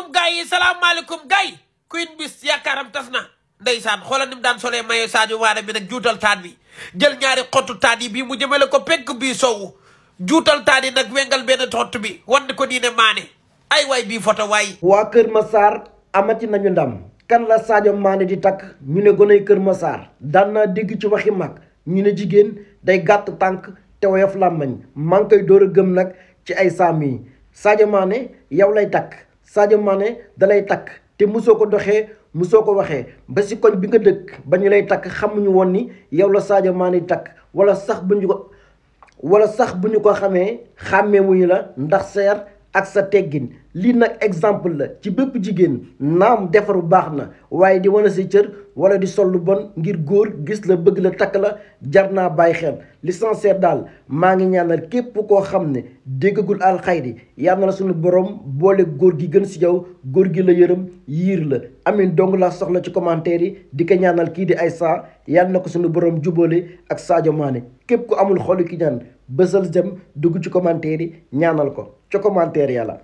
salaamaaleykum gars yi salaamaaleykum gars yi Queen Biz yaakaaram tas na ndeysaan xoolal ni mu daan solee mayo Sadio Mané bi nag juutal taat bi jël ñaari xottu taat yi bii mu jëmale ko pegg bi sowu juutal taat yi nag wengal benn xott bi wan ko nii maane ay waay bii foto waay waa Kër Massar amati nañu ndam kan la Sadio Mané di takk ñu ne goney Kër Massar daan naa dégg ci waxi mag ñu ne jigéen day gàtt tànk te woyof làmbañ maa ngi koy door a gëm nag ci ay saam yi Sadio yow lay takk saajo Mané dalay takk te mosoo ko doxee mosoo ko waxee ba si koñ bi nga dëkk ba ñu lay takk xamuñu woon ni yow la saajo Sadio Mané takk wala sax bu ñu ko wala sax bu ñu ko xamee xàmmee la ndax seer ak sa teggin lii nag exemple la ci bépp jigéen naam defaru baax na waaye di wane si cër wala di sol lu bon ngir góor gis la bëgg la takk la jar naa bàyyi xel l'essentiel daal maa ngi ñaanal képp koo xam ne déggagul alxayri yal na la suñu borom boole góor gi gën si yow góor gi la yërëm yiir la amin dong la soxla ci commentaire yi di ko ñaanal kii di ay saa yal na ko sunu borom jubale ak Sadio Mané képp ku amul xolu ki ñaan bësal jëm dugg ci commentaire yi ñaanal ko ca commentaire yàlla